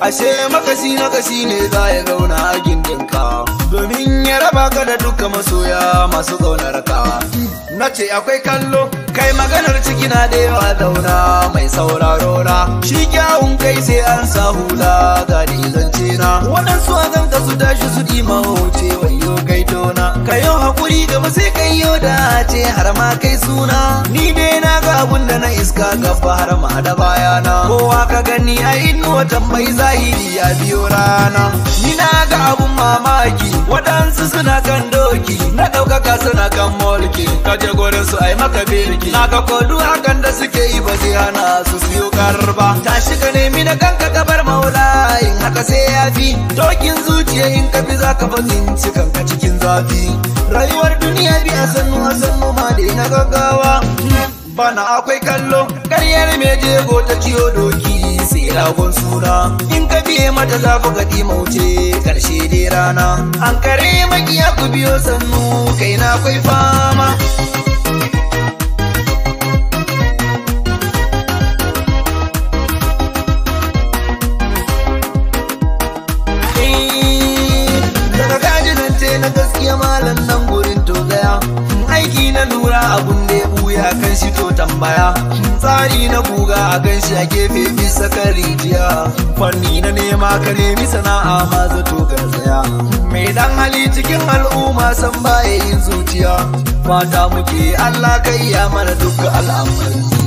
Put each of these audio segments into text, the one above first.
ashe makasi makasi ne za ya zauna a ka, domin ya raba ka da duka masoya masu zaunar ka na ce akwai kallo kai maganar ciki na da yawa zauna mai sauraro na shi kyawun kai sai an sa hula ga zance na waɗansu tashi su ɗima hoce wayo kai tona ka hakuri haƙuri gaba sai kai yau da ce har ma kai suna ni dai na ga abun da na iska gaba har ma da bayana kowa ka gani a inuwa mai zahiri ya biyo rana ni na ga abun mamaki waɗansu suna kan doki na ɗaukaka suna kan mulki ka je gurin su ai maka birki na ga kodu hakan da suke yi ba zai hana su siyo karba tashi ka nemi na kanka kabar maula in haka sai ya fi tokin zu gaskiya in ka bi zaka fahimci kanka cikin zafi rayuwar duniya a sannu a sannu ma dai na gaggawa bana akwai kallo karyar mai jego ta ciyo doki sai ragon suna in ka biye mata za ku gaɗi mauce karshe dai rana an kare makiya ku biyo sannu kai na akwai fama ya malam nan gurin to gaya aiki na lura abun da ya buya kan shi to tambaya tsari na guga a kan shi a gefe bisa kan rijiya fanni na nema ka nemi sana'a ma zato garzaya mai dan hali cikin al'umma san baya yin zuciya fata muke Allah ka iya mana dukkan al'amari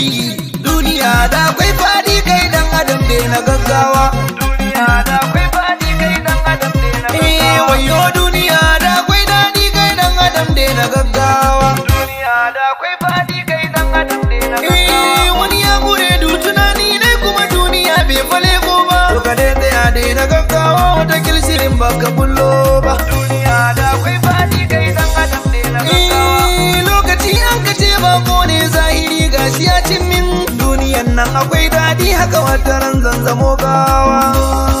yi duniya da akwai faɗi kai dan adam gaggawa duniya da na gaggawa eh duniya da daɗi kai dan adam ne gaggawa duniya da gaggawa eh, eh, wani ya du tunani ne kuma duniya bai fale ko ba to ka na gaggawa wata kilsirin baka nan akwai daɗi haka wata ran zanzamo gawa